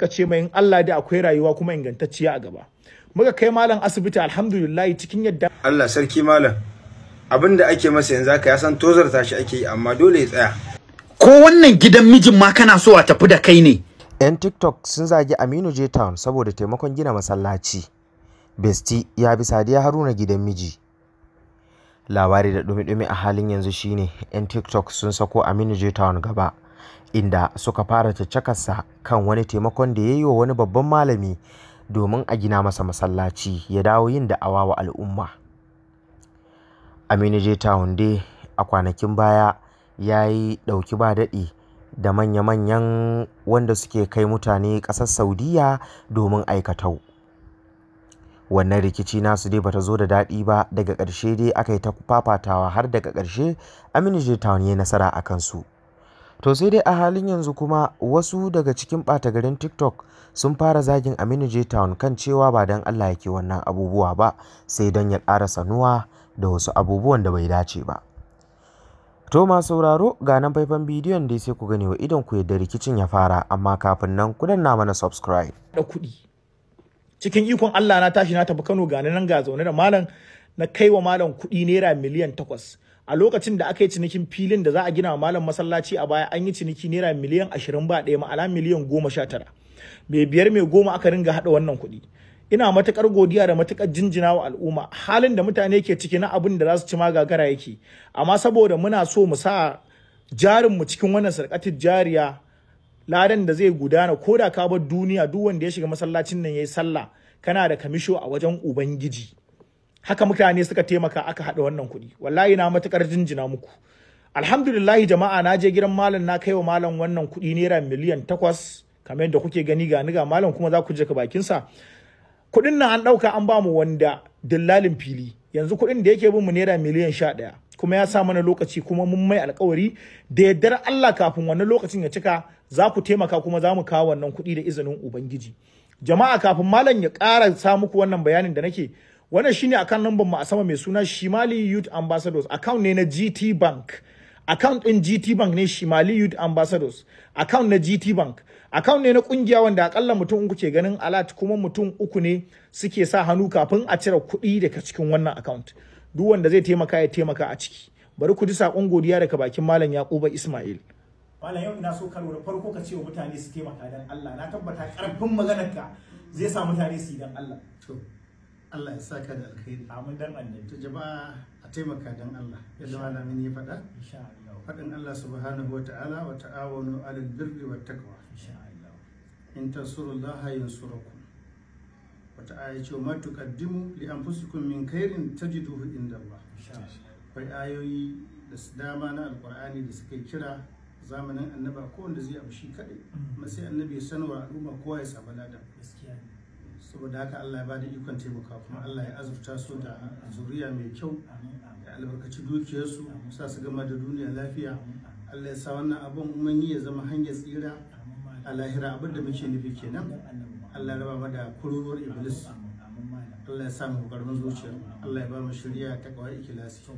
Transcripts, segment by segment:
suka ce mai in Allah da akwai rayuwa kuma ingantacciya a gaba muka kai malam asibiti alhamdulillah cikin yadda Allah sarki malam abin da ake masa yanzu haka ya san tozarta shi ake yi amma dole ya tsaya ko wannan gidan mijin ma kana so a tafi da kai ne yan tiktok sun zagi aminu j saboda taimakon gina masallaci besti ya bi sadiya haruna gidan miji labari da dumi-dumi a halin yanzu shine yan tiktok sun sako aminu j town gaba inda suka fara caccakarsa kan wani taimakon da ya yi wa wani babban malami domin a gina masa masallaci ya dawo yin da'awa wa al'umma. Aminu J. hunde a kwanakin baya ya yi ɗauki ba daɗi da manya-manyan wanda suke kai mutane ƙasar Saudiyya domin aikatau. Wannan rikici nasu dai bata zo da daɗi ba daga ƙarshe dai aka yi ta fafatawa har daga ƙarshe Aminu je ta ya nasara a kansu. To sai dai a halin yanzu kuma wasu daga cikin ɓata garin TikTok sun fara zagin Aminu J Town kan cewa ba don Allah yake wannan abubuwa ba sai don ya ƙara sanuwa da wasu abubuwan da bai dace ba. To ma sauraro ga nan faifan bidiyon dai sai ku gani wa idan ku yadda rikicin ya fara amma kafin nan ku danna mana subscribe. Da kuɗi. Cikin ikon Allah na tashi na tafi Kano ga nan ga zaune da malam na wa malam kuɗi naira miliyan takwas. a lokacin da aka yi cinikin filin da za a gina wa malam masallaci a baya an yi ciniki naira miliyan ashirin ba daya ma'ana miliyan goma sha tara mai biyar mai goma aka ringa haɗa wannan kuɗi ina matukar godiya da matukar jinjina wa al'umma halin da mutane ke ciki na abin da za su ci gagara yake amma saboda muna so mu sa jarin mu cikin wannan sarkatin jariya ladan da zai gudana ko da ka bar duniya duk wanda ya shiga masallacin nan ya yi sallah kana da kamisho a wajen ubangiji haka mutane suka taimaka aka haɗa wannan kuɗi wallahi na matukar jinjina muku alhamdulillahi jama'a na je gidan malam na kai wa malam wannan kuɗi naira miliyan takwas kamar yadda kuke gani ga ni ga malam kuma za ku je ka bakin sa kuɗin nan an ɗauka an ba mu wanda dillalin fili yanzu kuɗin da yake bin mu naira miliyan sha ɗaya kuma ya sa mana lokaci kuma mun mai alkawari da yardar Allah kafin wannan lokacin ya cika za ku taimaka kuma za mu kawo wannan kuɗi da izinin ubangiji jama'a kafin malam ya ƙara sa muku wannan bayanin da nake wannan shine akan lambar mu a sama mai suna Shimali Youth Ambassadors account ne na GT Bank account din GT Bank ne Shimali Youth Ambassadors account na GT Bank account ne na kungiya wanda akalla mutum uku ke ganin alat kuma mutum uku ne suke sa hannu kafin a cire kuɗi daga cikin wannan account duk wanda zai taimaka ya taimaka a ciki bari ku ji sakon godiya daga bakin malam Yakuba Ismail malam yau ina so ka lura farko ka ce wa mutane su taimaka dan Allah na tabbata karfin maganarka zai sa mutane su yi dan Allah Allah ya saka da alkhairi amin dan annabi to jama'a a taimaka dan Allah yadda na ya faɗa insha Allah faɗin Allah subhanahu wa ta'ala wa ta'awanu 'alal birri wat taqwa insha Allah in tansurullaha yansurukum wata aya ce ma tuqaddimu li anfusikum min khairin tajiduhu inda Allah akwai ayoyi da dama na alqur'ani da suke kira zamanin annaba ko wanda zai abu shi kadai amma mm. sai annabi ya sanwa al'umma kowa ya samu ladan gaskiya saboda haka Allah ya bada ikon taimaka kuma Allah ya azurta su da zuriya mai kyau ya albarkaci dukiyarsu sa su gama da duniya lafiya Allah ya sa wannan abun mun yi ya zama hanyar tsira a lahira abin da muke nufi kenan Allah ya raba da kururuwar iblis Allah ya sa samu karbin zuciya Allah ya ba mu shirya ta kawai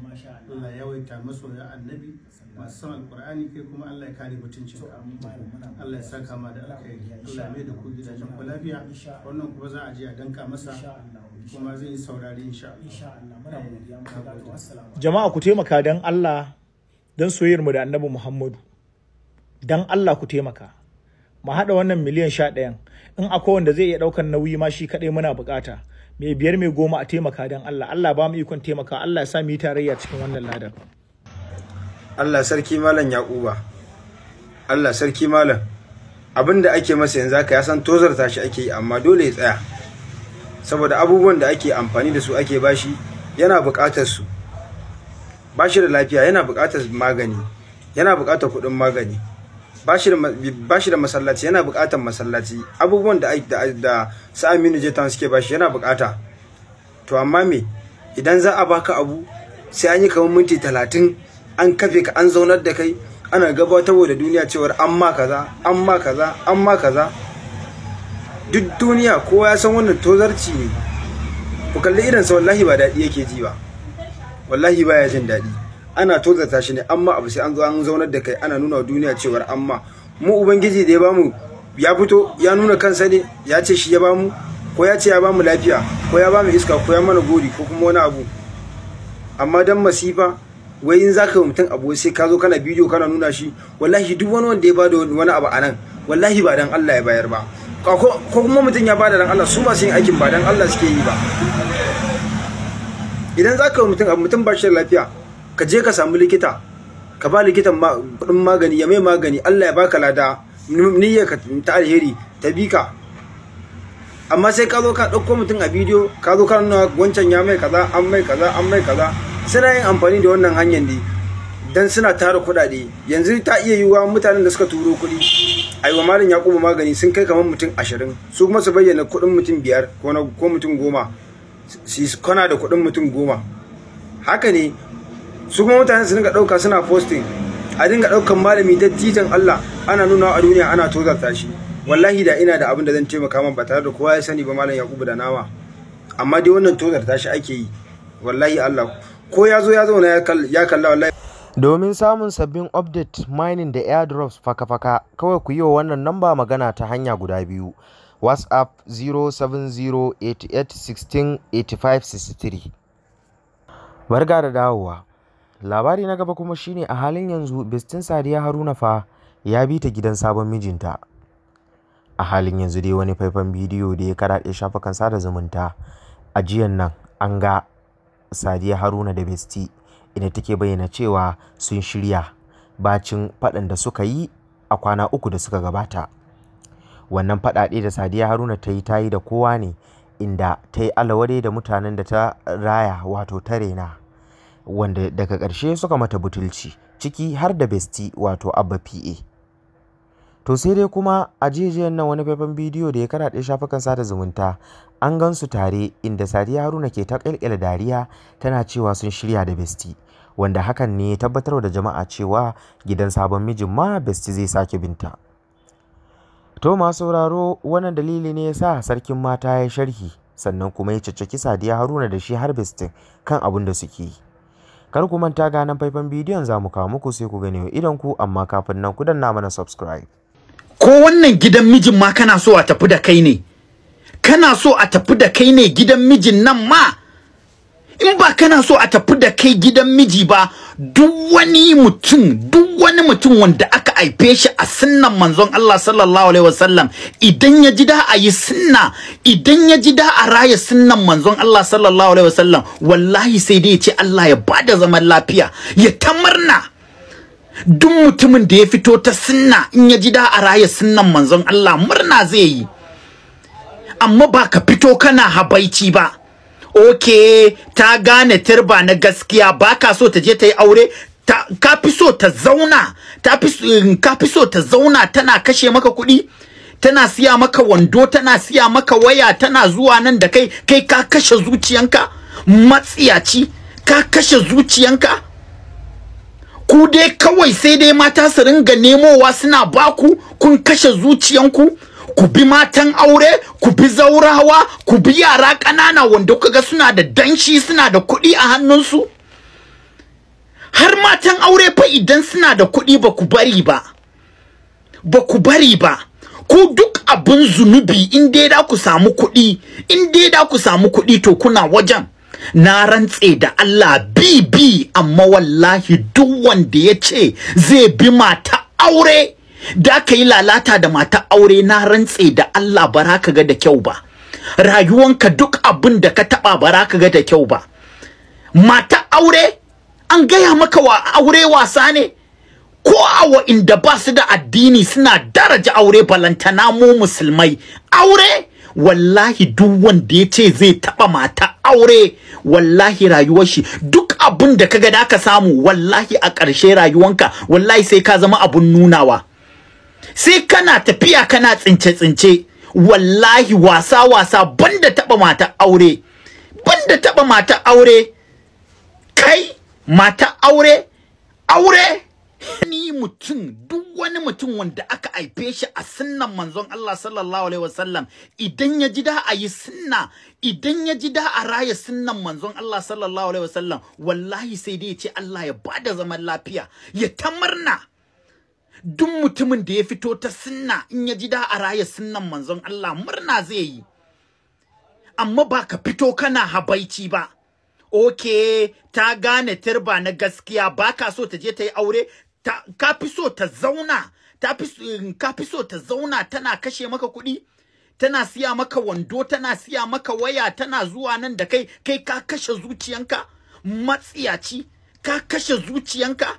masha Allah ya yawaita masoya annabi masu san alqur'ani kai kuma Allah ya kare mutuncin Allah ya saka ma da alkhairi Allah mai da ku gidajen ku lafiya wannan kuma za a je a danka masa kuma zai yi saurari insha Allah eh, jama'a ku taimaka dan Allah dan soyayyar mu da annabi Muhammadu dan Allah ku taimaka mu hada wannan miliyan sha ɗayan in akwai wanda zai iya ɗaukar nauyi ma shi kaɗai muna buƙata mai biyar mai goma a taimaka don Allah Allah ba mu ikon taimaka Allah ya sa mu yi tarayya cikin wannan ladan Allah sarki malam Yaquba Allah sarki malam abin da ake masa yanzu haka ya san tozarta shi ake yi amma dole ya tsaya saboda abubuwan da ake amfani da su ake bashi yana buƙatar su bashi da lafiya yana buƙatar magani yana buƙatar kuɗin magani bashi da masallaci yana bukatar masallaci abubuwan da da sa'aminu jetan suke bashi yana bukata to amma me idan za a baka abu sai an yi kamar minti talatin an kafe ka an zaunar da kai ana gabatarwa da duniya cewar an ma kaza an ma kaza an ma kaza duk duniya kowa ya san wannan tozarci ne ku kalli irinsa wallahi ba daɗi yake ji ba wallahi ba ya jin daɗi ana tozata shi ne amma abu sai an zo an zaunar da kai ana nuna wa duniya cewar amma mu ubangiji da ya bamu ya fito ya nuna kansa ne ya ce shi ya bamu ko ya ce ya bamu lafiya ko ya bamu iska ko ya mana gori ko kuma wani abu amma dan masifa wai in zaka yi mutum abu sai ka zo kana bidiyo kana nuna shi wallahi duk wani wanda ya bada wani abu anan wallahi ba dan Allah ya bayar ba ko kuma mutum ya bada dan Allah su su yin aikin ba dan Allah suke yi ba idan zaka yi mutum abu mutum ba shi lafiya ka je ka samu likita ka ba likitan kudin magani ya mai magani Allah ya baka lada niyyar ka ta alheri ta bi ka amma sai ka zo ka ɗauko mutum a bidiyo ka zo ka nuna wancan ya mai kaza an mai kaza an mai kaza suna yin amfani da wannan hanyar ne dan suna tara kuɗaɗe yanzu ta iya yiwuwa mutanen da suka turo kuɗi ai wa ya kuma magani sun kai kamar mutum ashirin su kuma su bayyana kuɗin mutum biyar ko mutum goma su kwana da kuɗin mutum goma haka ne su kuma mutane su dinga ɗauka suna posting a dinga ɗaukan malami dattijan Allah ana nuna a duniya ana tozarta shi wallahi da ina da abin da zan taimaka man ba tare da kowa ya sani ba malam Yakubu da nawa amma dai wannan tozarta shi ake yi wallahi Allah ko ya zo ya zauna ya kalla wallahi domin samun sabbin update mining da airdrops faka-faka kawai ku yi wa wannan namba magana ta hanya guda biyu whatsapp 07088168563 barga da dawowa labari na gaba kuma shine a halin yanzu bestin sadiya haruna fa ya bi ta gidan sabon mijinta a halin yanzu dai wani faifan bidiyo da ya karaɗe shafukan sada zumunta a jiyan nan an ga sadiya haruna da besti inda take bayyana cewa sun shirya bacin faɗan da suka yi a kwana uku da suka gabata wannan faɗaɗe da sadiya haruna ta yi ta yi da kowa ne inda ta yi alawari da mutanen da ta raya wato ta rena wanda daga ƙarshe suka mata butulci ciki har da besti wato abba pa to sai dai kuma a jiyajiyan nan wani faifan bidiyo da ya karaɗe shafukan sada zumunta an gan su tare inda sadiya haruna ke ta ƙirƙira dariya tana cewa sun shirya da besti wanda hakan ne ya tabbatar da jama'a cewa gidan sabon mijin ma besti zai sake binta to masu sauraro wannan dalili ne ya sa sarkin mata ya sharhi sannan kuma ya caccaki sadiya haruna da shi har bestin kan abin da suke yi Kar ku manta ga faifan bidiyon za mu kawo muku sai ku gane idan ku amma kafin nan ku danna mana subscribe. Ko wannan gidan mijin ma kana so a tafi da kai ne. Kana so a tafi da kai ne gidan mijin nan ma. In ba kana so a tafi da kai gidan miji ba duk wani mutum duk wani mutum wanda aka haife shi a sunnan manzon Allah sallallahu alaihi wasallam idan ya ji da a yi sunna idan ya ji da a raya sunnan manzon Allah sallallahu alaihi wasallam wallahi sai dai ya ce Allah ya bada zaman lafiya ya tamarna duk mutumin da ya fito ta sunna in ya ji da a raya sunnan manzon Allah murna zai yi amma ba ka fito kana habaici ba okay ta gane turba na gaskiya ba ka so ta je ta yi aure ka fi so ta zauna ta fi eh, ka so ta zauna tana kashe maka kuɗi tana siya maka wando tana siya maka waya tana zuwa nan da kai kai ka kashe zuciyanka matsiyaci ka kashe zuciyanka ku dai kawai sai dai mata su ringa nemowa suna baku kun kashe zuciyanku ku bi matan aure ku bi zaurawa ku bi yara ƙanana wanda kuka ga suna da danshi suna da kuɗi a hannunsu har matan aure fa idan suna da kuɗi ba ku bari ba ba ku bari ba ku duk abin zunubi in dai da ku samu kuɗi in dai da ku samu kuɗi to kuna wajen na rantse da Allah bibi amma wallahi duk wanda ya ce zai bi mata aure da ka yi lalata da mata aure na rantse da Allah bara ka ga da kyau ba rayuwanka duk abin da ka taba bara ka ga da kyau ba mata aure an gaya maka wa aure wasa ne ko a wa'inda ba su da addini suna daraja aure balantana mu musulmai aure wallahi duk wanda ya ce zai taɓa mata aure wallahi rayuwar shi duk abin da kaga da ka samu wallahi a ƙarshe rayuwanka wallahi sai ka zama abun nunawa sai kana tafiya kana tsince-tsince wallahi wasa-wasa banda taɓa mata aure banda taɓa mata aure kai mata aure aure ni mutum duk wani mutum wanda aka haife shi a sunnan manzon Allah sallallahu alaihi wasallam idan ya ji da a yi sunna idan ya ji da a raya sunnan manzon Allah sallallahu alaihi wasallam wallahi sai dai ya ce Allah ya bada zaman lafiya ya ta murna duk mutumin da ya fito ta sunna in ya ji da a raya sunnan manzon Allah murna zai yi amma ba ka fito kana habaici ba Ok, ta gane turba na gaskiya ba ka so ta je ta yi aure ka fi so ta zauna mm, ka fi so ta zauna tana kashe maka kuɗi tana siya maka wando tana siya maka waya tana zuwa nan da kai kai ka kashe zuciyanka matsiyaci ka kashe zuciyanka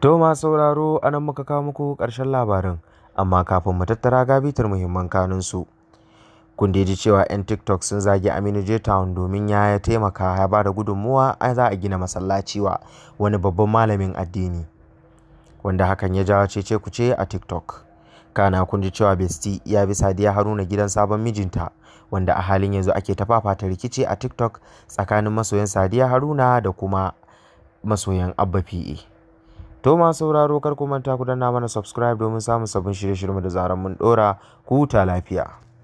to ma sauraro anan muka kawo muku ƙarshen labarin amma kafin mu tattara gabitar muhimman kanunsu kunda ji cewa 'yan TikTok sun zagi Aminu J. Town domin ya taimaka ya ba da gudunmuwa za a gina masallaci wa wani babban malamin addini, wanda hakan ya jawo cece-kuce a TikTok. Kana kun ji cewa Bestie ya bi Sadiya Haruna gidan sabon mijinta, wanda a halin yanzu ake ta fafata rikici a TikTok tsakanin masoyan Sadiya Haruna da kuma masoyan Abba pe To ma sauraro kar ku manta ku danna mana subscribe domin samun sabbin shirye-shiryen da zaran mun dora ku ta lafiya.